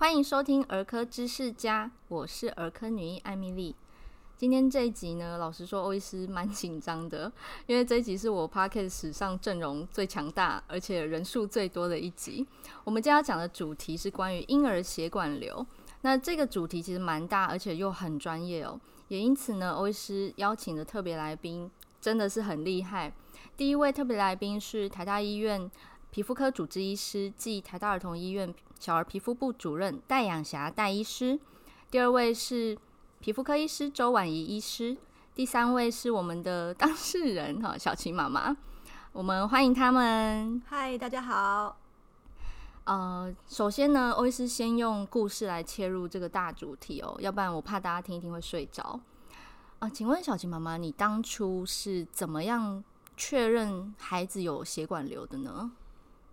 歡迎收聽《兒科知識家》，我是兒科女醫艾米麗。今天這一集呢，老實說，歐醫師蠻緊張的，因為這一集是我 podcast 史上陣容最強大，而且人數最多的一集。我們今天要講的主題是關於嬰兒血管瘤，那這個主題其實蠻大，而且又很專業哦。也因此呢，歐醫師邀請的特別來賓真的是很厲害。第一位特別來賓是台大醫院。皮膚科主治醫師，暨台大兒童醫院小兒皮膚部主任戴仰霞戴醫師。第二位是皮膚科醫師周宛儀醫師。第三位是我們的當事人哈，小琪媽媽。我們歡迎他們。嗨，大家好。呃，首先呢，我是先用故事來切入這個大主題哦，要不然我怕大家聽一聽會睡着啊、呃。請問小琪媽媽，你當初是怎麼樣確認孩子有血管瘤的呢？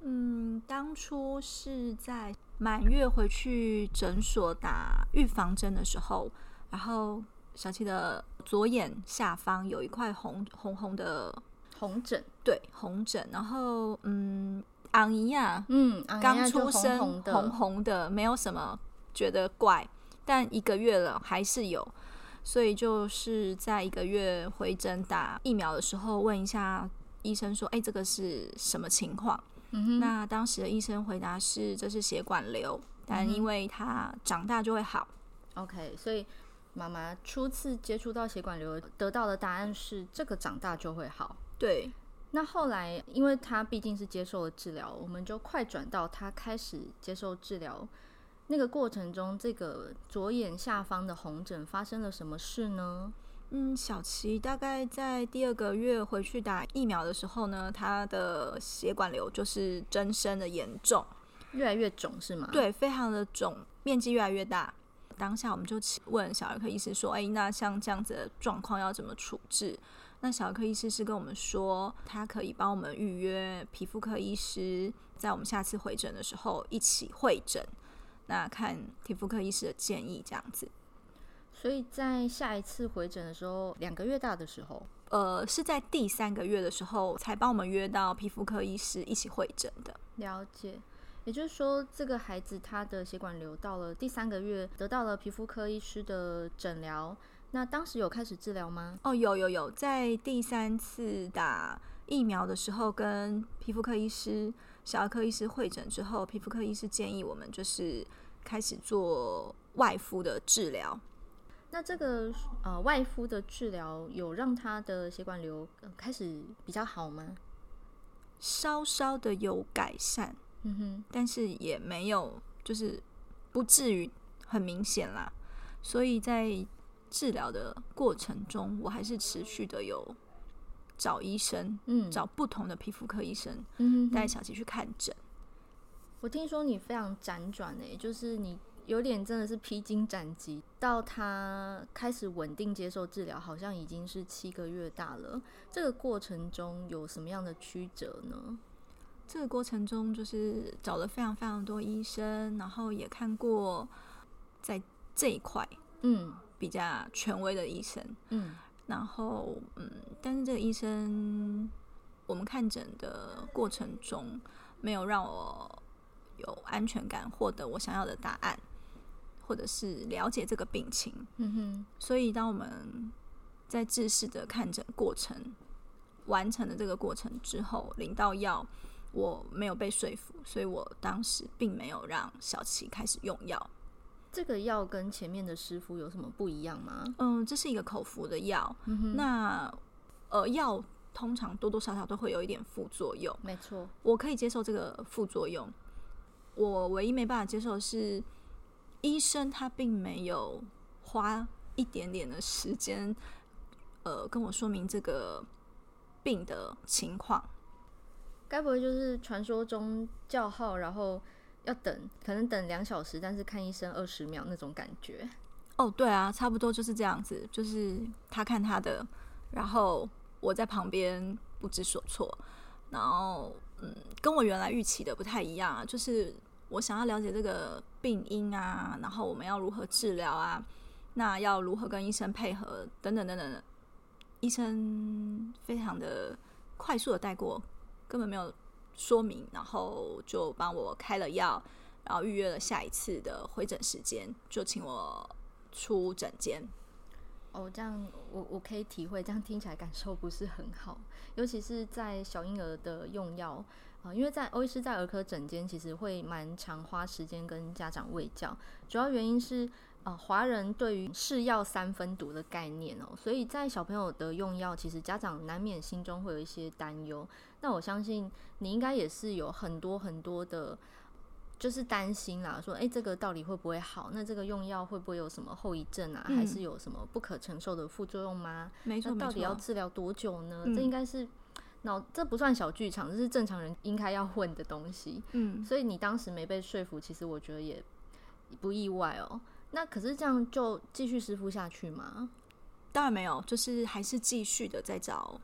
嗯，當初是在滿月回去診所打預防針的時候，然後小琪的左眼下方有一塊紅紅紅的紅疹，對紅疹。然後嗯，昂尼亞，嗯，剛出生紅紅，紅紅的，沒有什麼覺得怪，但一個月了還是有，所以就是在一個月回診打疫苗的時候問一下醫生，說，哎，這個是什麼情況？嗯，那當時的醫生回答是，這是血管瘤，但因為它長大就會好。嗯，OK，所以媽媽初次接觸到血管瘤得到的答案是，這個長大就會好。對，那後來因為他畢竟是接受了治療，我們就快轉到他開始接受治療那個過程中，這個左眼下方的紅疹發生了什麼事呢？嗯，小琪大概在第二個月回去打疫苗的時候呢，他的血管瘤就是增生的嚴重，越來越腫是嗎？對，非常的腫，面積越來越大。當下我們就問小兒科醫師說：“哎、欸，那像這樣子的狀況要怎麼處置？”那小兒科醫師是跟我們說，他可以幫我們預約皮膚科醫師，在我們下次回診的時候一起會診，那看皮膚科醫師的建議這樣子。所以在下一次回診的時候，兩個月大的時候，呃，是在第三個月的時候才幫我們約到皮膚科醫師一起會診的。了解，也就是說，這個孩子他的血管瘤到了第三個月得到了皮膚科醫師的診療。那當時有開始治療嗎？哦，有有有，在第三次打疫苗的時候跟皮膚科醫師、小兒科醫師會診之後，皮膚科醫師建議我們就是開始做外敷的治療。那這個呃外敷的治療有讓他的血管瘤開始比較好嗎？稍稍的有改善，嗯哼，但是也沒有，就是不至於很明顯啦。所以在治療的過程中，我還是持續的有找醫生，嗯、找不同的皮膚科醫生，帶、嗯、小琪去看診。我聽說你非常輾轉的，就是你。有點真的是披荊斬棘，到他開始穩定接受治療，好像已經是七個月大了。這個過程中有什麼樣的曲折呢？這個過程中就是找了非常非常多醫生，然後也看過在這一塊嗯比較權威的醫生。嗯，然後嗯，但是這個醫生我們看診的過程中沒有讓我有安全感，獲得我想要的答案。或者是了解這個病情，嗯哼，所以當我們在正式的看診過程完成的這個過程之後，領到藥，我沒有被說服，所以我當時並沒有讓小琪開始用藥。這個藥跟前面的師傅有什麼不一樣嗎？嗯，這是一個口服的藥。嗯、哼那呃，藥通常多多少少都會有一點副作用，沒錯錯，我可以接受這個副作用。我唯一沒辦法接受的是。醫生他並沒有花一點點的時間，呃，跟我說明這個病的情況，該不會就是傳說中叫號然後要等，可能等兩小時，但是看醫生二十秒那種感覺？哦，對啊，差不多就是這樣子，就是他看他的，然後我在旁邊不知所措，然後嗯，跟我原來預期的不太一樣啊，就是。我想要了解這個病因啊，然後我們要如何治療啊？那要如何跟醫生配合？等等等等。醫生非常的快速的帶過，根本沒有說明，然後就幫我開了藥，然後預約了下一次的回診時間，就請我出診間。哦，這樣我我可以體會，這樣聽起來感受不是很好，尤其是在小嬰兒的用藥。因為在歐醫師在兒科診間，其實會蠻常花時間跟家長衛教，主要原因是，啊、呃，華人對於“是藥三分毒”的概念哦、喔，所以在小朋友的用藥，其實家長難免心中會有一些擔憂。那我相信你應該也是有很多很多的，就是擔心啦，說，誒、欸、這個到底會不會好？那這個用藥會不會有什麼後遺症啊？嗯、還是有什麼不可承受的副作用嗎？沒錯沒錯，那到底要治療多久呢？嗯、這應該是。那這不算小劇場，這是正常人應該要混的東西。嗯，所以你當時沒被說服，其實我覺得也不意外哦。那可是這樣就繼續濕敷下去嗎？當然沒有，就是還是繼續的在找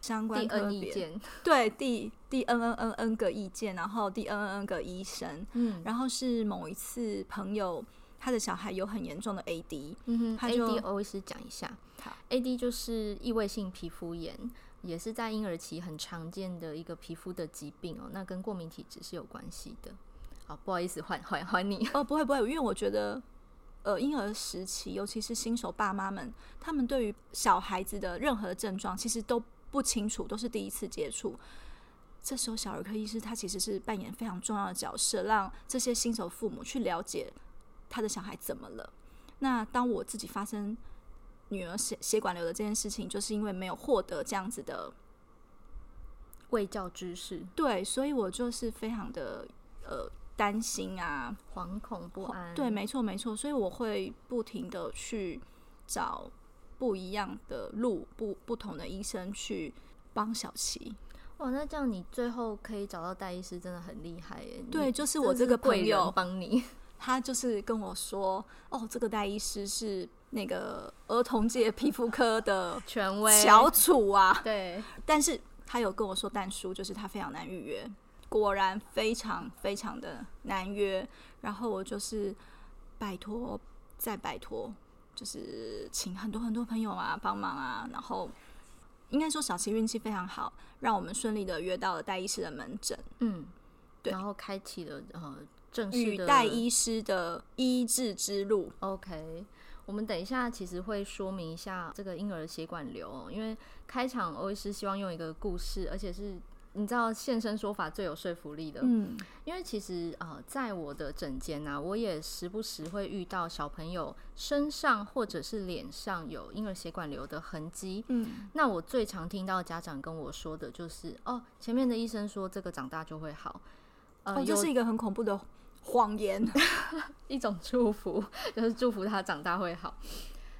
相關第意見。對，第第 N N N N 個意見，然後第 N N N 個醫生。嗯、然後是某一次朋友他的小孩有很嚴重的 AD、嗯哼。他哼就，AD 我稍微講一下好，AD 就是異位性皮膚炎。也是在嬰兒期很常見的一個皮膚的疾病哦，那跟過敏體質是有關係的。好，不好意思，換換換你哦，不會不會，因為我覺得，呃，嬰兒時期，尤其是新手爸媽們，他們對於小孩子的任何症狀其實都不清楚，都是第一次接觸。這時候小兒科醫師他其實是扮演非常重要的角色，讓這些新手父母去了解他的小孩怎麼了。那當我自己發生。女兒血血管瘤的這件事情，就是因為沒有獲得這樣子的衛教知識，對，所以我就是非常的呃擔心啊，惶恐不安，對，沒錯沒錯，所以我會不停的去找不一樣的路，不不同的醫生去幫小琪。哇，那這樣你最後可以找到戴醫師，真的很厲害耶！對，就是我這個朋友幫你，你，他就是跟我說，哦，這個戴醫師是。那個兒童界皮膚科的權威小楚啊，對。但是他有跟我說，但書，就是他非常難預約，果然非常非常的難約。然後我就是拜託，再拜託，就是請很多很多朋友啊幫忙啊。然後應該說小琪運氣非常好，讓我們順利的約到了戴醫師的門診。嗯，對。然後開啟了呃正式的戴醫師的醫治之路。OK。我們等一下，其實會說明一下這個嬰兒血管瘤，因為開場歐醫師希望用一個故事，而且是你知道現身說法最有說服力的。嗯，因為其實啊、呃，在我的診間吶，我也時不時會遇到小朋友身上或者是臉上有嬰兒血管瘤的痕跡。嗯，那我最常聽到家長跟我說的就是，哦，前面的醫生說這個長大就會好，呃，哦、又，這是一個很恐怖的謊謊言 一種祝福，就是祝福他長大會好。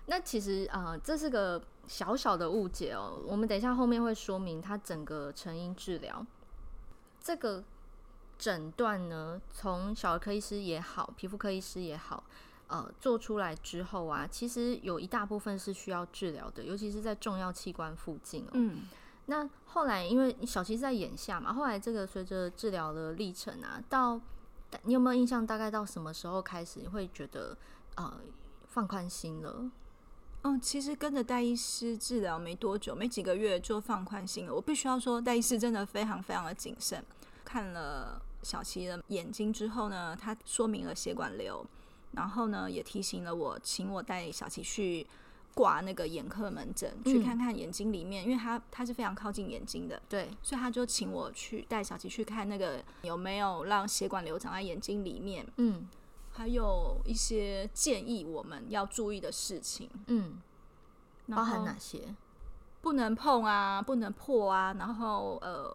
那其實啊、呃，這是個小小的誤解哦、喔。我們等一下後面會說明，他整個成因治療這個診斷呢，從小兒科醫師也好，皮膚科醫師也好，呃，做出來之後啊，其實有一大部分是需要治療的，尤其是在重要器官附近哦、喔。嗯，那後來因為小琪在眼下嘛，後來這個隨着治療的歷程啊，到。你有沒有印象？大概到什麼時候開始你會覺得，呃，放寬心了？嗯，其實跟着戴醫師治療沒多久，沒幾個月就放寬心了。我必須要說，戴醫師真的非常非常的謹慎。看了小琪的眼睛之後呢，他說明了血管瘤，然後呢也提醒了我，請我帶小琪去。掛那個眼科門診，嗯、去看看眼睛裡面，因為他他是非常靠近眼睛的，對，所以他就請我去帶小琪去看那個有沒有讓血管瘤長在眼睛裡面。嗯，還有一些建議我們要注意的事情。嗯，後包含哪些？不能碰啊，不能破啊。然後呃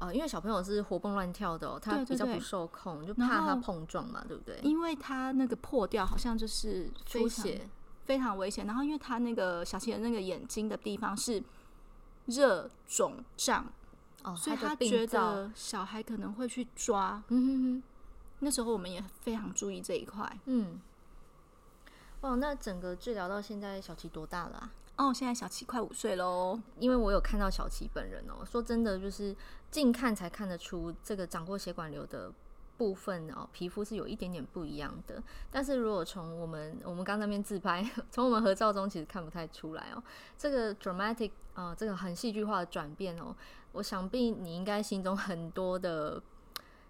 呃，因為小朋友是活蹦亂跳的，喔，他比較不受控，對對對，就怕他碰撞嘛，後對不對？因為他那個破掉好像就是出血。非常危險，然後因為他那個小琪的那個眼睛的地方是熱腫脹，哦，所以他覺得小孩可能會去抓，嗯哼哼。那時候我們也非常注意這一塊，嗯。哦。那整個治療到現在小琪多大了啊？哦，現在小琪快五歲嘍。因為我有看到小琪本人哦，說真的，就是近看才看得出這個長過血管瘤的部分哦，皮膚是有一點點不一樣的。但是如果從我們我們剛那邊自拍，從我們合照中其實看不太出來哦。這個 dramatic 啊、呃，這個很戲劇化的轉變哦，我想必你應該心中很多的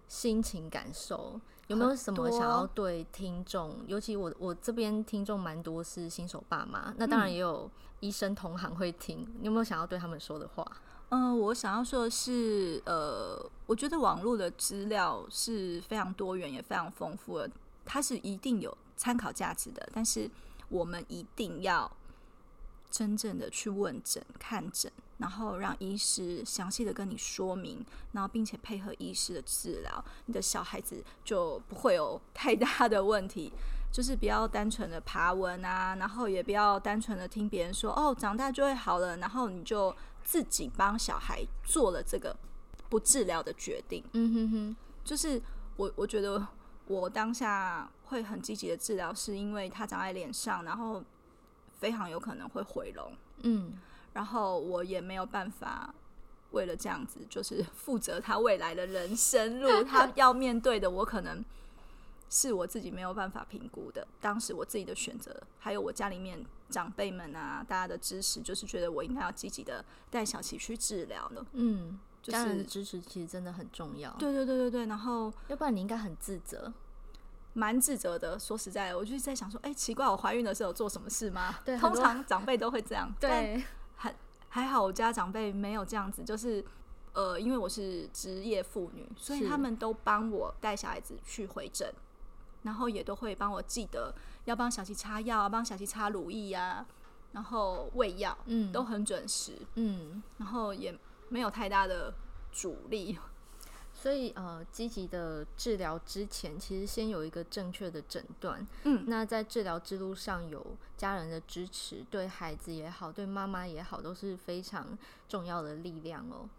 心情感受，有沒有什麼想要對聽眾？很多。尤其我我這邊聽眾蠻多是新手爸媽，那當然也有醫生同行會聽，嗯、你有沒有想要對他們說的話？嗯、呃，我想要說的是，呃，我覺得網絡的資料是非常多元也非常豐富的，它是一定有參考價值的。但是我們一定要真正的去問診、看診，然後讓醫師詳細的跟你說明，然後並且配合醫師的治療，你的小孩子就不會有太大的問題。就是不要單純的爬文啊，然後也不要單純的聽別人說哦，長大就會好了，然後你就。自己幫小孩做了這個不治療的決定，嗯哼哼，就是我我覺得我當下會很積極的治療，是因為他長在臉上，然後非常有可能會毀容，嗯，然後我也沒有辦法為了這樣子，就是負責他未來的人生路，他要面對的，我可能。 是我自己沒有辦法評估的。當時我自己的選擇，還有我家裡面長輩們啊，大家的支持，就是覺得我應該要積極的帶小琪去治療了。嗯，就是，家人的支持其實真的很重要。對對對對對。然後，要不然你應該很自責，蠻自責的。說實在的，我就是在想說，哎、欸，奇怪，我懷孕的時候做什麼事嗎？對通常長輩都會這樣。對，還還好，我家長輩沒有這樣子。就是，呃，因為我是職業婦女，是所以他們都幫我帶小孩子去回診。然後也都會幫我記得要幫小琪擦藥，幫小琪擦乳液啊，然後餵藥，嗯，都很準時，嗯，然後也沒有太大的阻力，所以呃，積極的治療之前，其實先有一個正確的診斷，嗯，那在治療之路上有家人的支持，對孩子也好，對媽媽也好，都是非常重要的力量哦。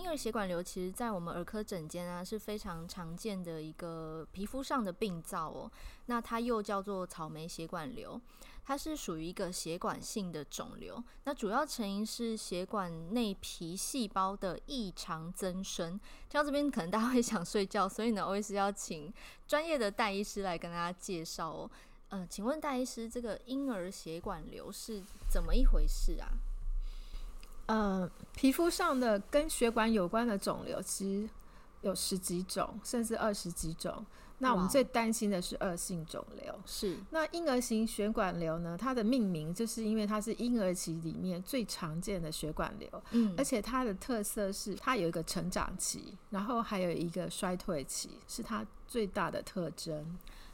嬰兒血管瘤其實，在我們兒科診間啊，是非常常見的一個皮膚上的病灶哦。那它又叫做草莓血管瘤，它是屬於一個血管性的腫瘤。那主要成因是血管內皮細胞的異常增生。聽到這邊，可能大家會想睡覺，所以呢，我也是要請專業的戴醫師來跟大家介紹哦。呃，請問戴醫師，這個嬰兒血管瘤是怎麼一回事啊？呃，皮膚上的跟血管有關的腫瘤，其實有十幾種，甚至二十幾種。那我們最擔心的是惡性腫瘤。是。Wow. 那嬰兒型血管瘤呢？它的命名就是因為它是嬰兒期裡面最常見的血管瘤。嗯。而且它的特色是，它有一個成長期，然後還有一個衰退期，是它最大的特徵。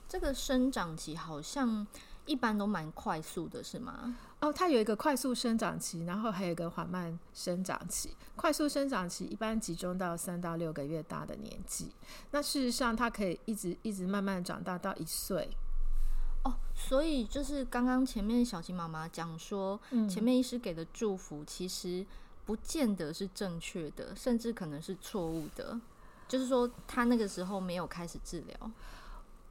這個生長期好像。一般都蠻快速的，是嗎？哦，他有一個快速生長期，然後還有一個緩慢生長期。快速生長期一般集中到三到六個月大的年紀。那事實上，他可以一直一直慢慢長大到一歲。哦，所以就是剛剛前面小琪媽媽講說，前面醫師給的祝福其實不見得是正確的，甚至可能是錯誤的。就是說，他那個時候沒有開始治療。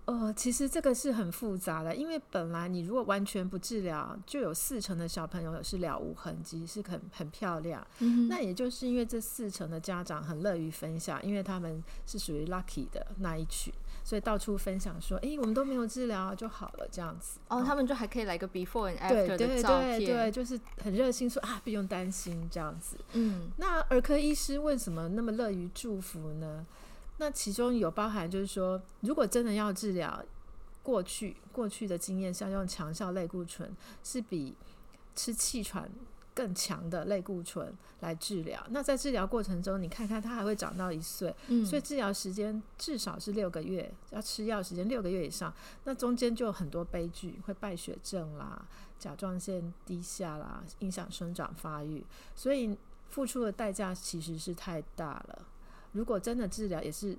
呃、哦，其實這個是很複雜的，因為本來你如果完全不治療，就有四成的小朋友是了無痕跡，是很很漂亮。嗯、哼那也就是因為這四成的家長很樂於分享，因為他們是屬於 lucky 的那一群，所以到處分享說：“哎、欸，我們都沒有治療就好了，這樣子。”哦，後他們就還可以來個 before and after 的照片，對，對對對，就是很熱心說：“啊，不用擔心這樣子。”嗯，那兒科醫師為什麼那麼樂於祝福呢？那其中有包含，就是說，如果真的要治療，過去過去的經驗，像用強效類固醇，是比吃氣喘更強的類固醇來治療。那在治療過程中，你看看它還會長到一歲，嗯。所以治療時間至少是六個月，要吃藥時間六個月以上。那中間就很多悲劇，會敗血症啦，甲狀腺低下啦，影響生長發育，所以付出的代價其實是太大了。如果真的治療也是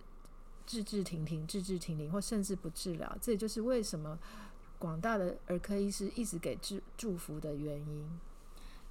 治治停停、治治停停，或甚至不治療，這也就是為什麼廣大的兒科醫師一直給祝祝福的原因。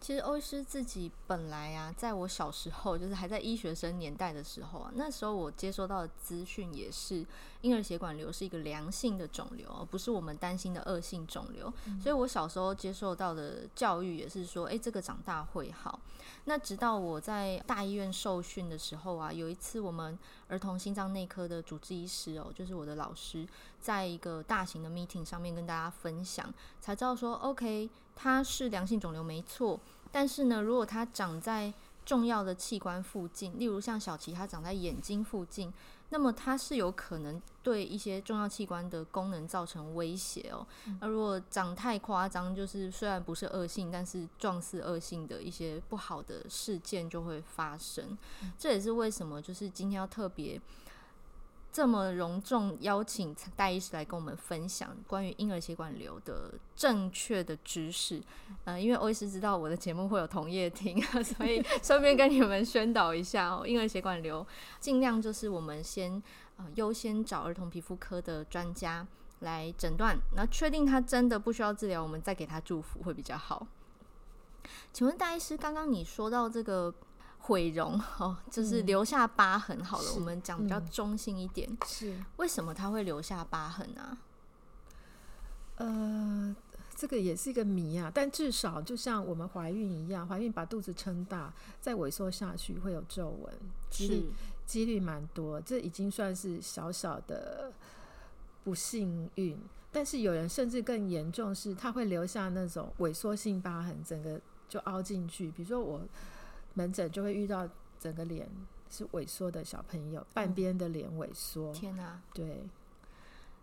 其實歐醫師自己本來啊，在我小時候，就是還在醫學生年代的時候啊，那時候我接收到的資訊也是，嬰兒血管瘤是一個良性的腫瘤，而不是我們擔心的惡性腫瘤。嗯、所以我小時候接受到的教育也是說，哎、欸，這個長大會好。那直到我在大醫院受訓的時候啊，有一次我們兒童心臟內科的主治醫師哦、喔，就是我的老師，在一個大型的 meeting 上面跟大家分享，才知道說，OK，他是良性腫瘤沒錯。但是呢，如果它長在重要的器官附近，例如像小琪它長在眼睛附近，那麼它是有可能對一些重要器官的功能造成威脅哦、喔。那、嗯、如果長太誇張，就是雖然不是惡性，但是狀似惡性的一些不好的事件就會發生。嗯、這也是為什麼就是今天要特別。這麼隆重邀請戴醫師來跟我們分享關於嬰兒血管瘤的正確的知識，呃，因為歐醫師知道我的節目會有同業聽啊，所以順便跟你們宣導一下哦，嬰兒血管瘤儘量就是我們先呃優先找兒童皮膚科的專家來診斷，然後確定他真的不需要治療，我們再給他祝福會比較好。請問戴醫師，剛剛你說到這個。毀容哦，就是留下疤痕。好了，嗯、我們講比較中性一點。是，嗯、為什麼他會留下疤痕呢、啊？呃，這個也是一個謎啊。但至少就像我們懷孕一樣，懷孕把肚子撐大，再萎縮下去會有皺紋，是幾率蠻是多。這已經算是小小的不幸運。但是有人甚至更嚴重，是他會留下那種萎縮性疤痕，整個就凹進去。比如說我。門診就會遇到整個臉是萎縮的小朋友，半邊的臉萎縮、嗯。天吶、啊，對，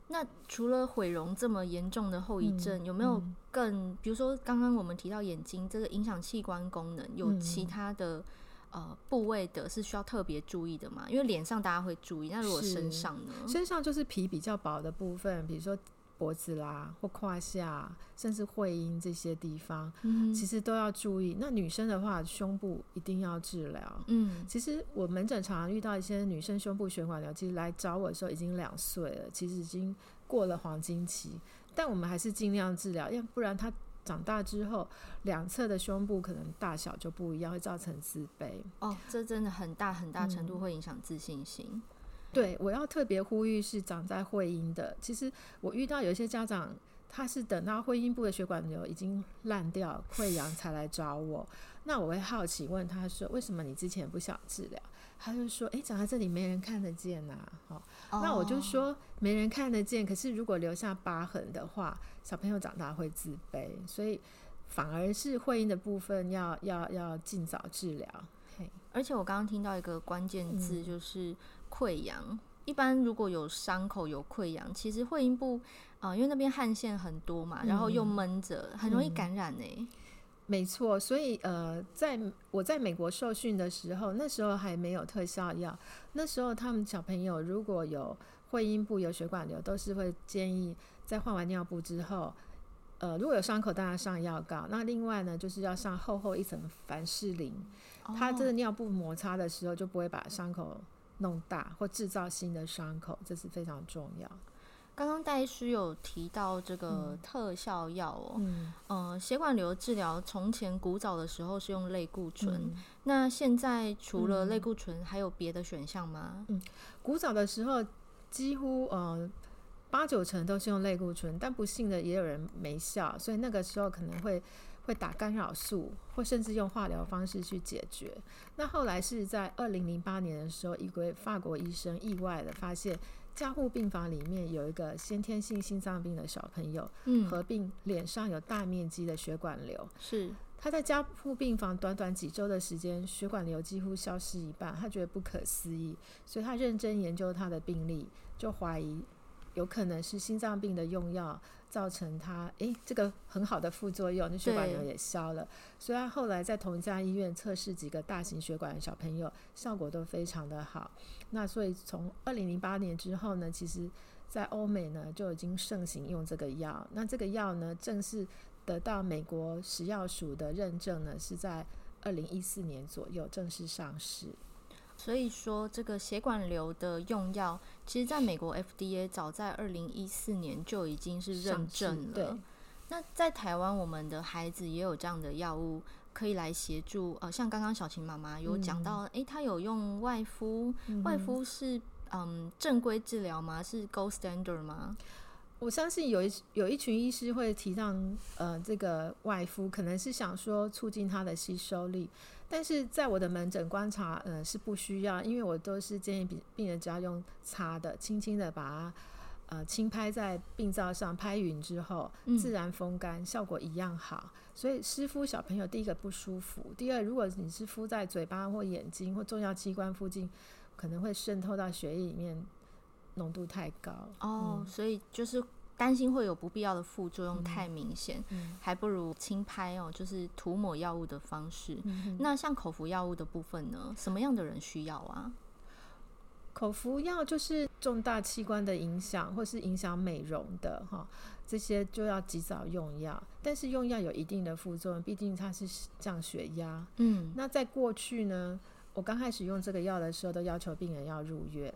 那除了毀容這麼嚴重的後遺症，嗯嗯、有沒有更，比如說剛剛我們提到眼睛這個影響器官功能，有其他的、嗯、呃部位的是需要特別注意的嗎？因為臉上大家會注意，那如果身上呢？身上就是皮比較薄的部分，比如說。脖子啦，或胯下，甚至會陰這些地方，嗯，其實都要注意。那女生的話，胸部一定要治療。嗯，其實我門診常常遇到一些女生胸部血管瘤，其實來找我的時候已經兩歲了，其實已經過了黃金期，但我們還是儘量治療，要不然她長大之後兩側的胸部可能大小就不一樣，會造成自卑。哦，這真的很大很大程度會影響自信心。嗯對，我要特別呼籲是長在會陰的。其實我遇到有一些家長，他是等到會陰部的血管瘤已經爛掉、潰瘍才來找我。那我會好奇問他說：“為什麼你之前不想治療？”他就說：“哎、欸，長在這裡沒人看得見吶、啊。”哦。那我就說：“沒人看得見，oh. 可是如果留下疤痕的話，小朋友長大會自卑，所以反而是會陰的部分要要要儘早治療。”嘿，而且我剛剛聽到一個關鍵字、嗯、就是。潰瘍，一般如果有傷口有潰瘍，其實會陰部啊、呃，因為那邊汗腺很多嘛，然後又悶着嗯、很容易感染呢、欸嗯嗯。沒錯，所以呃，在我在美國受訓的時候，那時候還沒有特效藥，那時候他們小朋友如果有會陰部有血管瘤，都是會建議在換完尿布之後，呃，如果有傷口，當然要上藥膏。那另外呢，就是要上厚厚一層凡士林，哦、它這個尿布摩擦的時候就不會把傷口，弄大，或製造新的傷口，這是非常重要。剛剛戴醫師有提到這個特效藥哦、喔，嗯，呃，血管瘤治療從前古早的時候是用類固醇，嗯、那現在除了類固醇，還有別的選項嗎？嗯，古早的時候幾乎呃八九成都是用類固醇，但不幸的也有人沒效，所以那個時候可能會。會打干擾素，或甚至用化療方式去解決。那後來是在二零零八年的時候，一位法國醫生意外地發現，加護病房裡面有一個先天性心臟病的小朋友，嗯，合併臉上有大面積的血管瘤。是他在加護病房短短幾周的時間，血管瘤幾乎消失一半，他覺得不可思議，所以他認真研究他的病例，就懷疑。有可能是心臟病的用藥造成他誒，這個很好的副作用，那血管瘤也消了。雖然對後來在同一家醫院測試幾個大型血管的小朋友，效果都非常的好。那所以從二零零八年之後呢，其實在歐美呢就已經盛行用這個藥。那這個藥呢，正式得到美國食藥署的認證呢，是在二零一四年左右正式上市。所以說，這個血管瘤的用藥。其實，在美國 FDA 早在二零一四年就已經是認證了。對，那在台灣，我們的孩子也有這樣的藥物可以來協助。呃，像剛剛小琪媽媽有講到，嗯、誒，她有用外敷，外敷是嗯,嗯正規治療嗎？是 gold standard 嗎？我相信有一有一群醫師會提倡，呃，這個外敷可能是想說促進它的吸收力。但是在我的門診觀察，呃，是不需要，因為我都是建議病病人只要用擦的，輕輕的把它，呃，輕拍在病灶上，拍勻之後，自然風乾，效果一樣好。嗯、所以濕敷小朋友第一個不舒服，第二，如果你是敷在嘴巴或眼睛或重要器官附近，可能會滲透到血液裡面，濃度太高。哦，嗯、所以就是。擔心會有不必要的副作用太明顯，嗯嗯、還不如輕拍哦，就是塗抹藥物的方式。嗯、哼那像口服藥物的部分呢？什麼樣的人需要啊？口服藥就是重大器官的影響或是影響美容的哈，這些就要及早用藥。但是用藥有一定的副作用，畢竟它是降血壓。嗯，那在過去呢，我剛開始用這個藥的時候，都要求病人要入院。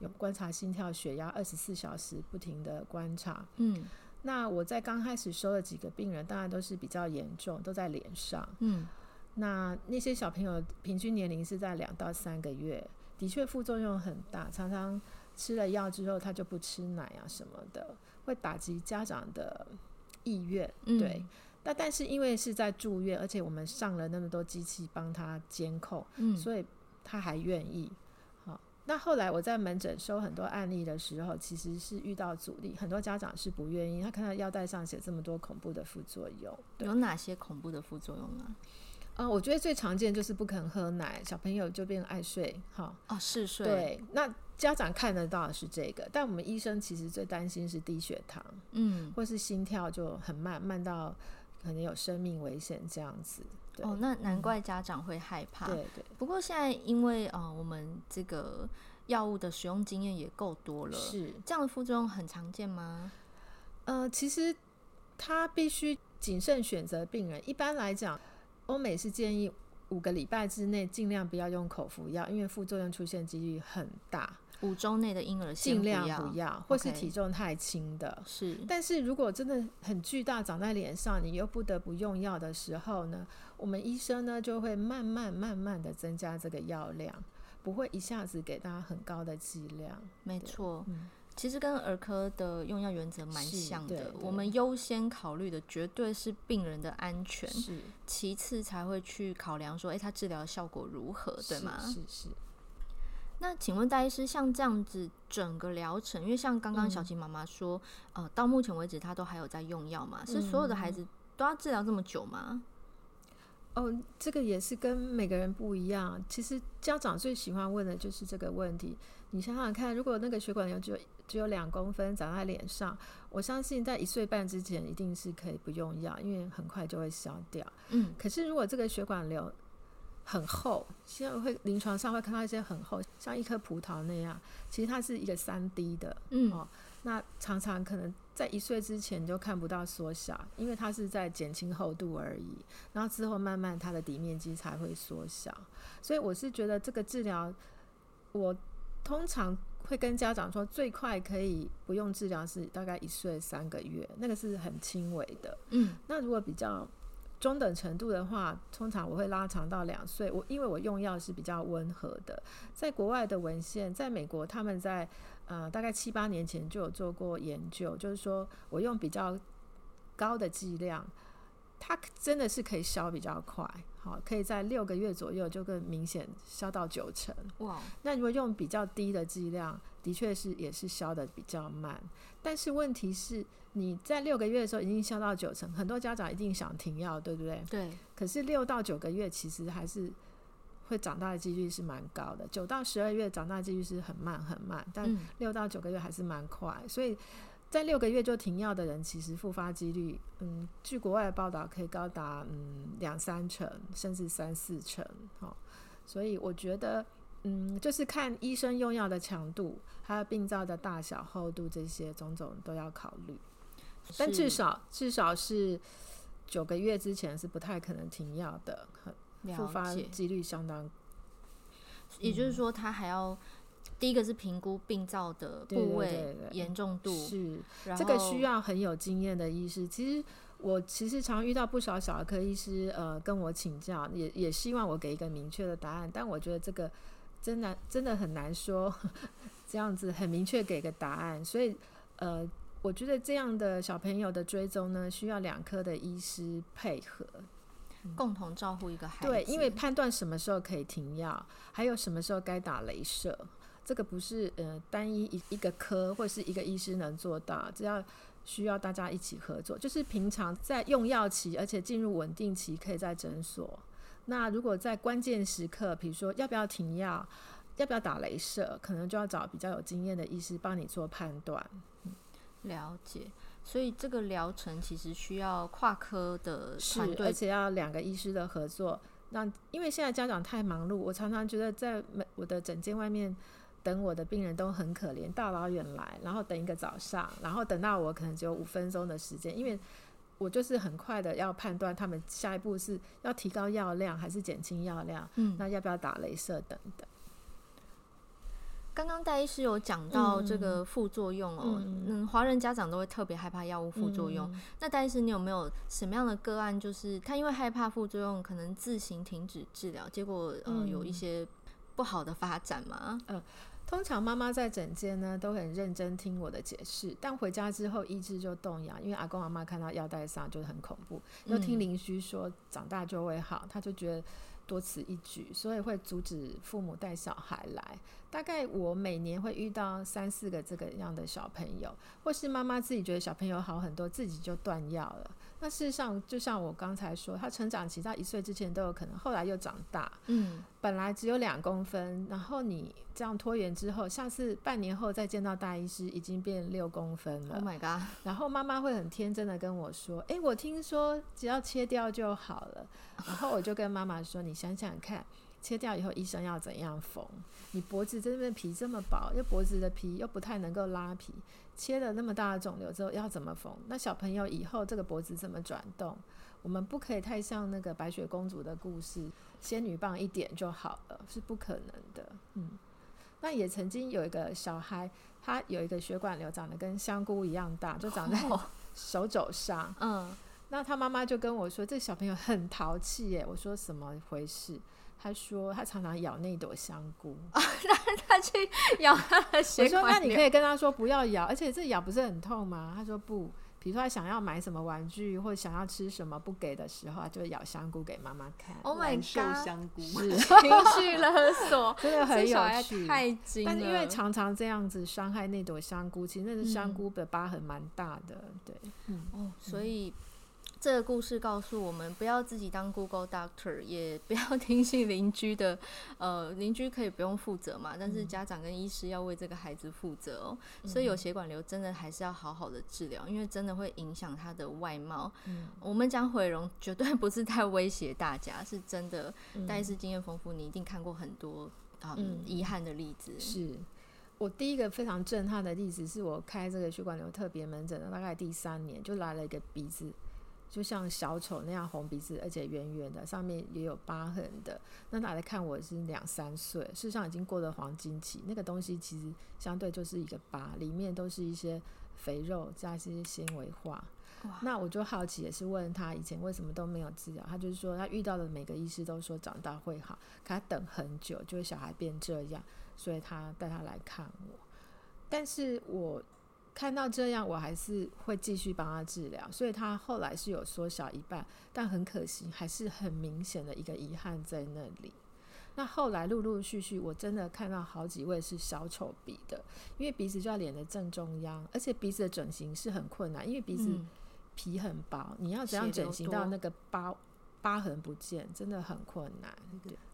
有觀察心跳、血壓，二十四小時不停的觀察。嗯，那我在剛開始收了幾個病人，當然都是比較嚴重，都在臉上。嗯，那那些小朋友平均年齡是在兩到三個月，的確副作用很大，常常吃了藥之後他就不吃奶啊什麼的，會打擊家長的意願。嗯、對，但但是因為是在住院，而且我們上了那麼多機器幫他監控，嗯、所以他還願意。那後來我在門診收很多案例的時候，其實是遇到阻力，很多家長是不願意。他看到腰帶上寫這麼多恐怖的副作用，有哪些恐怖的副作用啊？啊、哦，我覺得最常見就是不肯喝奶，小朋友就變得愛睡，哈，哦，嗜睡。對，那家長看得到的是這個，但我們醫生其實最擔心是低血糖，嗯，或是心跳就很慢，慢到。可能有生命危險這樣子，對，哦，那難怪家長會害怕。對、嗯、對。對，不過現在因為呃，我們這個藥物的使用經驗也夠多了，是這樣的副作用很常見嗎？呃，其實他必須謹慎選擇病人。一般來講，歐美是建議五個禮拜之內儘量不要用口服藥，因為副作用出現幾率很大。五週內的嬰兒盡量不要，或是體重太輕的。是，Okay. 但是如果真的很巨大，長在臉上，你又不得不用藥的時候呢？我們醫生呢，就會慢慢慢慢的增加這個藥量，不會一下子給大家很高的劑量。沒錯，嗯，其實跟兒科的用藥原則蠻像的。對對對，我們優先考慮的絕對是病人的安全，是，其次才會去考量說，哎，他治療效果如何，對嗎？是，是是。那請問，戴醫師，像這樣子整個療程，因為像剛剛小琪媽媽說，嗯、呃，到目前為止她都還有在用藥嘛？嗯、是所有的孩子都要治療這麼久嗎？哦，這個也是跟每個人不一樣。其實家長最喜歡問的就是這個問題。你想想看，如果那個血管瘤只有只有兩公分長在臉上，我相信在一歲半之前一定是可以不用藥，因為很快就會消掉。嗯。可是如果這個血管瘤，很厚，現在會臨床上會看到一些很厚，像一顆葡萄那樣。其實它是一個三 D 的，嗯，哦，那常常可能在一歲之前就看不到縮小，因為它是在減輕厚度而已。然後之後慢慢它的底面積才會縮小。所以我是覺得這個治療，我通常會跟家長說，最快可以不用治療是大概一歲三個月，那個是很輕微的，嗯。那如果比較。中等程度的話，通常我會拉長到兩歲。我因為我用藥是比較溫和的，在國外的文獻，在美國他們在，呃，大概七八年前就有做過研究，就是說我用比較高的劑量。它真的是可以消比較快，好，可以在六個月左右就更明顯消到九成。哇，那如果用比較低的劑量，的確是也是消得比較慢。但是問題是你在六個月的時候已經消到九成，很多家長一定想停藥，對不對？對。可是六到九個月其實還是會長大的幾率是蠻高的，九到十二月長大幾率是很慢很慢，但六到九個月還是蠻快，所以。在六個月就停藥的人，其實復發幾率，嗯，據國外的報道可以高達，嗯，兩三成，甚至三四成，哈。所以我覺得，嗯，就是看醫生用藥的強度，還有病灶的大小、厚度這些種種都要考慮。但至少是至少是九個月之前是不太可能停藥的，復、嗯、了解發幾率相當。也就是說，他還要。嗯第一個是評估病灶的部位、嚴重度，是後這個需要很有經驗的醫師。其實我其實常遇到不少小兒科醫師，呃，跟我請教，也也希望我給一個明確的答案。但我覺得這個真難，真的很難說這樣子很明確給個答案。所以呃，我覺得這樣的小朋友的追蹤呢，需要兩科的醫師配合，嗯、對共同照顧一個孩子。對，因為判斷什麼時候可以停藥，還有什麼時候該打雷射。這個不是呃單一一一個科或是一個醫師能做到，只要需要大家一起合作。就是平常在用藥期，而且進入穩定期，可以在診所。那如果在關鍵時刻，比如說要不要停藥，要不要打雷射，可能就要找比較有經驗的醫師幫你做判斷。嗯、了解，所以這個療程其實需要跨科的團隊。是，而且要兩個醫師的合作。那因為現在家長太忙碌，我常常覺得在我的診間外面。等我的病人都很可憐，大老遠來，然後等一個早上，然後等到我可能只有五分鐘的時間，因為我就是很快的要判斷他們下一步是要提高藥量還是減輕藥量，嗯，那要不要打雷射等等。剛剛戴醫師有講到這個副作用哦，嗯，華人家長都會特別害怕藥物副作用。嗯、那戴醫師，你有沒有什麼樣的個案，就是他因為害怕副作用，可能自行停止治療，結果、呃嗯、有一些不好的發展嗎？嗯、呃。通常媽媽在診間呢，都很認真聽我的解釋，但回家之後意志就動搖，因為阿公阿媽看到藥袋上就很恐怖，嗯、又聽鄰居說長大就會好，他就覺得多此一舉，所以會阻止父母帶小孩來。大概我每年會遇到三四個這個樣的小朋友，或是媽媽自己覺得小朋友好很多，自己就斷藥了。那事實上，就像我剛才說，他成長期到一歲之前都有可能，後來又長大。嗯，本來只有兩公分，然後你這樣拖延之後，下次半年後再見到戴醫師，已經變六公分了。Oh my god！然後媽媽會很天真的跟我說：“欸，我聽說只要切掉就好了。”然後我就跟媽媽說：“ 你想想看。”切掉以後，醫生要怎樣縫？你脖子這邊的皮這麼薄，又脖子的皮又不太能夠拉皮，切了那麼大的腫瘤之後要怎麼縫？那小朋友以後這個脖子怎麼轉動？我們不可以太像那個白雪公主的故事，仙女棒一點就好了，是不可能的。嗯，那也曾經有一個小孩，他有一個血管瘤長得跟香菇一樣大，就長在手肘上。哦、嗯，那他媽媽就跟我說，這小朋友很淘氣耶。我說什麼回事？他說他常常咬那朵香菇啊，讓他去咬他的鞋。我說那你可以跟他說不要咬，而且這咬不是很痛嗎？他說不。比如說他想要買什麼玩具或者想要吃什麼不給的時候，他就會咬香菇給媽媽看。Oh my God！香菇情緒勒索，真的很有趣，太精了。但是因為常常這樣子傷害那朵香菇，其實那只香菇的疤痕蠻大的。對，哦、嗯，嗯、所以。這個故事告訴我們，不要自己當 Google Doctor，也不要聽信鄰居的。呃，鄰居可以不用負責嘛，但是家長跟醫師要為這個孩子負責哦。嗯、所以有血管瘤真的還是要好好的治療，因為真的會影響他的外貌。嗯、我們講毀容，絕對不是在威脅大家，是真的。嗯、但是經驗豐富，你一定看過很多啊、嗯、遺憾的例子。是我第一個非常震撼的例子，是我開這個血管瘤特別門診的大概第三年，就來了一個鼻子。就像小丑那樣紅鼻子，而且圓圓的，上面也有疤痕的。那他來看我是兩三歲，事實上已經過了黃金期。那個東西其實相對就是一個疤，裡面都是一些肥肉加一些纖維化。哇那我就好奇，也是問他以前為什麼都沒有治療，他就是說他遇到的每個醫師都說長大會好，可他等很久，就是小孩變這樣，所以他帶他來看我。但是我。看到這樣，我還是會繼續幫他治療，所以他後來是有縮小一半，但很可惜，還是很明顯的一個遺憾在那裡。那後來陸陸續續，我真的看到好幾位是小丑鼻的，因為鼻子就在臉的正中央，而且鼻子的整形是很困難，因為鼻子皮很薄，嗯、你要怎樣整形到那個疤疤痕不見，真的很困難。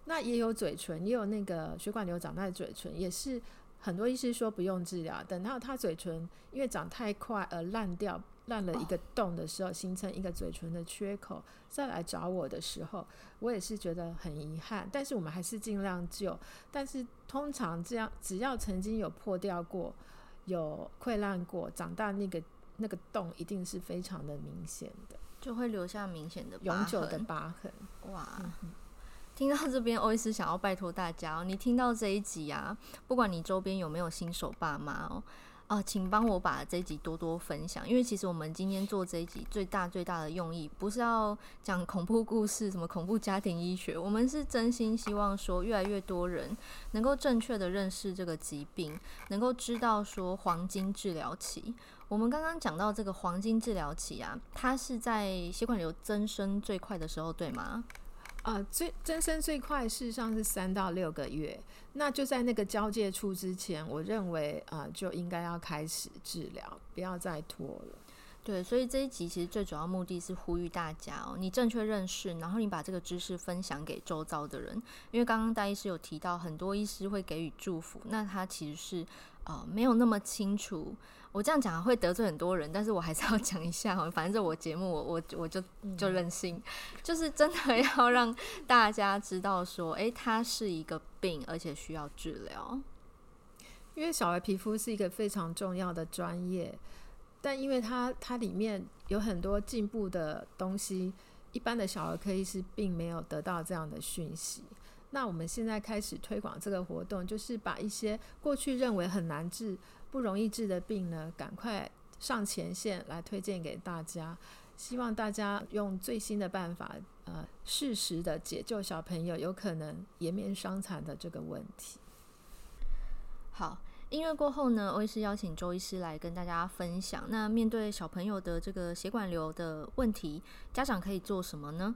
那也有嘴唇，也有那個血管瘤長在嘴唇，也是。很多醫師說不用治療，等到他嘴唇因為長太快而爛掉、爛了一個洞的時候，oh. 形成一個嘴唇的缺口，再來找我的時候，我也是覺得很遺憾。但是我們還是盡量救。但是通常這樣，只要曾經有破掉過、有潰爛過，長大那個那個洞一定是非常的明顯的，就會留下明顯的疤痕。永久的疤痕。哇！嗯聽到這邊，我也想要拜托大家、喔，你聽到這一集啊，不管你周邊有沒有新手爸媽哦、喔，啊、呃，請幫我把這一集多多分享，因為其實我們今天做這一集最大最大的用意，不是要講恐怖故事，什麼恐怖家庭醫學，我們是真心希望說，越來越多人能夠正確的認識這個疾病，能夠知道說黃金治療期。我們剛剛講到這個黃金治療期啊，它是在血管瘤增生最快的時候，對嗎？呃、啊，最增生最快，事實上是三到六個月。那就在那個交界處之前，我認為啊，就應該要開始治療，不要再拖了。對，所以這一集其實最主要目的是呼籲大家哦、喔，你正確認識，然後你把這個知識分享給周遭的人。因為剛剛戴醫師有提到，很多醫師會給予祝福，那他其實是。哦，沒有那麼清楚。我這樣講會得罪很多人，但是我還是要講一下。反正我節目，我我我就就任性，嗯、就是真的要讓大家知道說，誒、欸，它是一個病，而且需要治療。因為小兒皮膚是一個非常重要的專業，但因為它它裡面有很多進步的東西，一般的小兒科醫師並沒有得到這樣的訊息。那我們現在開始推廣這個活動，就是把一些過去認為很難治、不容易治的病呢，趕快上前線來推薦給大家，希望大家用最新的辦法，呃，適時的解救小朋友有可能顏面傷殘的這個問題。好，音樂過後呢，我也是邀請周醫師來跟大家分享。那面對小朋友的這個血管瘤的問題，家長可以做什麼呢？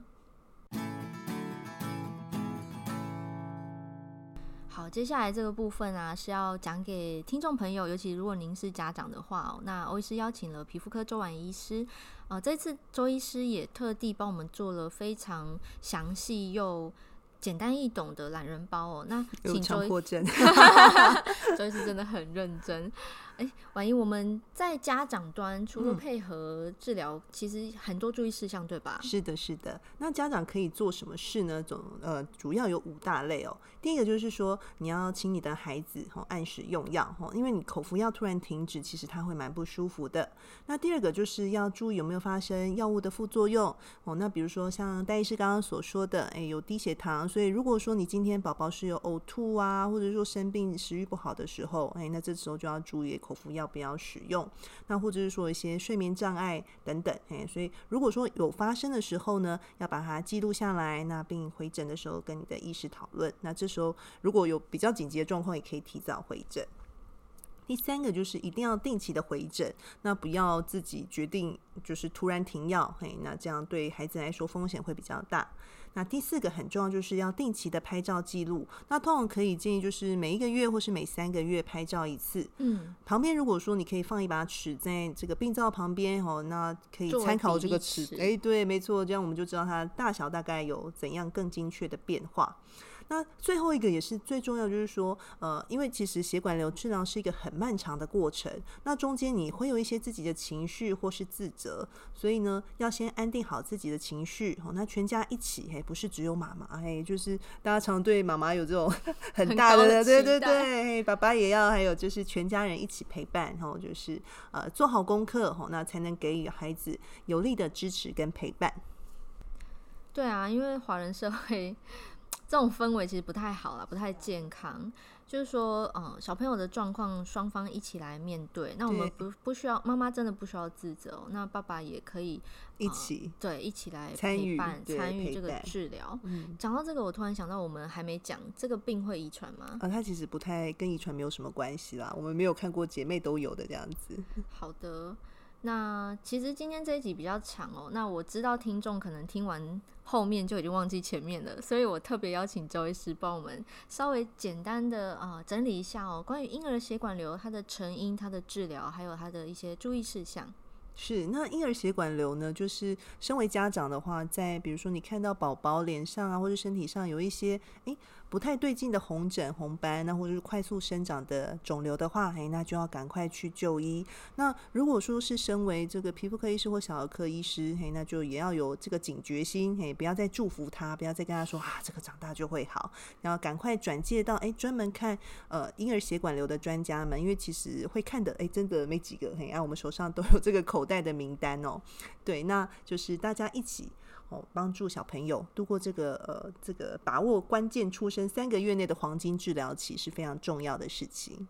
接下來這個部分啊，是要講給聽眾朋友，尤其如果您是家長的話哦，那歐醫師邀請了皮膚科周宛儀醫師，啊、呃，這次周醫師也特地幫我們做了非常詳細又簡單易懂的懶人包哦，那請周醫師，見 周醫師真的很認真。哎，宛儀，我們在家長端除了配合、嗯、治療，其實很多注意事項，對吧？是的，是的。那家長可以做什麼事呢？總呃，主要有五大類哦。第一個就是說，你要請你的孩子哈、哦、按時用藥哦，因為你口服藥突然停止，其實他會蠻不舒服的。那第二個就是要注意有沒有發生藥物的副作用哦。那比如說像戴醫師剛剛所說的，誒，有低血糖，所以如果說你今天寶寶是有嘔吐啊，或者說生病食欲不好的時候，誒，那這時候就要注意。口服要不要使用？那或者是說一些睡眠障礙等等，誒，所以如果說有發生的時候呢，要把它記錄下來，那並回診的時候跟你的醫師討論。那這時候如果有比較緊急的狀況，也可以提早回診。第三個就是一定要定期的回診，那不要自己決定，就是突然停藥，哎，那這樣對孩子來說風險會比較大。那第四個很重要，就是要定期的拍照記錄。那通常可以建議就是每一個月或是每三個月拍照一次。嗯，旁邊如果說你可以放一把尺在這個病灶旁邊，哦，那可以參考這個尺。哎，對，沒錯，這樣我們就知道它大小大概有怎樣更精確的變化。那最後一個也是最重要，就是說，呃，因為其實血管瘤治療是一個很漫長的過程，那中間你會有一些自己的情緒或是自責，所以呢，要先安定好自己的情緒哦。那全家一起，嘿，不是只有媽媽，嘿，就是大家常對媽媽有這種很大的，的，對對對，嘿，爸爸也要，還有就是全家人一起陪伴，然後哦，就是呃，做好功課哦，那才能給予孩子有力的支持跟陪伴。對啊，因為華人社會。這種氛圍其實不太好啦，不太健康。就是說，嗯，小朋友的狀況，雙方一起來面對。那我們不不需要媽媽真的不需要自責，喔。那爸爸也可以一起、呃、對一起來參與參與這個治療。講、嗯、到這個，我突然想到，我們還沒講這個病會遺傳嗎？啊、嗯，它其實不太跟遺傳沒有什麼關係啦。我們沒有看過姐妹都有的這樣子。好的，那其實今天這一集比較長哦、喔。那我知道聽眾可能聽完，後面就已經忘記前面了，所以我特別邀請周醫師幫我們稍微簡單的啊、呃、整理一下哦，關於嬰兒血管瘤它的成因、它的治療，還有它的一些注意事項。是，那嬰兒血管瘤呢，就是身為家長的話，在比如說你看到寶寶臉上啊或者身體上有一些誒、欸不太對勁的紅疹、紅斑，那或者是快速生長的腫瘤的話，哎，那就要趕快去就醫。那如果說是身為這個皮膚科醫師或小兒科醫師，嘿，那就也要有這個警覺心，嘿，不要再祝福他，不要再跟他說啊，這個長大就會好，然後趕快轉介到哎欸、專門看呃嬰兒血管瘤的專家們，因為其實會看的哎、欸、真的沒幾個，嘿，哎、啊、我們手上都有這個口袋的名單哦，對，那就是大家一起。哦，幫助小朋友度過這個呃，這個把握關鍵出生三個月內的黃金治療期是非常重要的事情。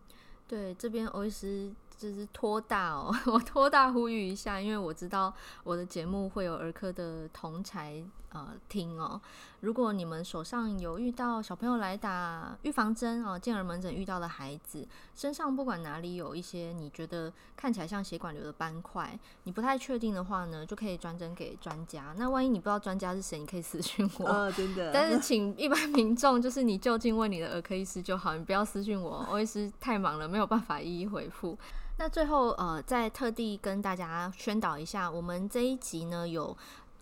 對，這邊歐醫師就是托大哦，我托大呼籲一下，因為我知道我的節目會有兒科的同儕啊、呃、聽哦。如果你們手上有遇到小朋友來打預防針哦、呃，健兒門診遇到的孩子身上，不管哪裡有一些你覺得看起來像血管瘤的斑塊，你不太確定的話呢，就可以轉診給專家。那萬一你不知道專家是誰，你可以私訊我，哦。真的。但是請一般民眾就是你就近問你的兒科醫師就好，你不要私訊我，我醫師太忙了，沒有辦法一一回復。 那最後呃，再特地跟大家宣導一下，我們這一集呢有。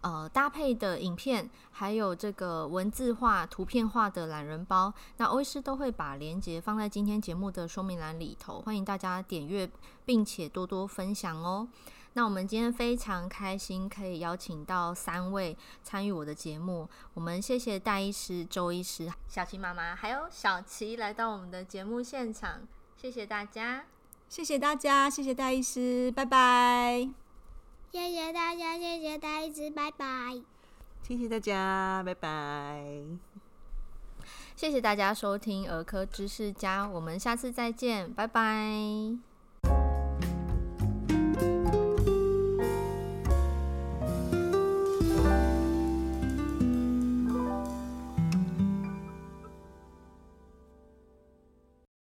呃，搭配的影片，還有這個文字化、圖片化的懶人包，那歐醫師都會把鏈接放在今天節目的說明欄裡頭，歡迎大家點閱，並且多多分享哦。那我們今天非常開心，可以邀請到三位參與我的節目，我們謝謝戴醫師、周醫師、小琪媽媽，還有小琪來到我們的節目現場，謝謝大家，謝謝大家，謝謝戴醫師，拜拜。謝謝大家，謝謝大家，拜拜。謝謝大家，拜拜。謝謝大家收聽兒科知識家，我們下次再見，拜拜。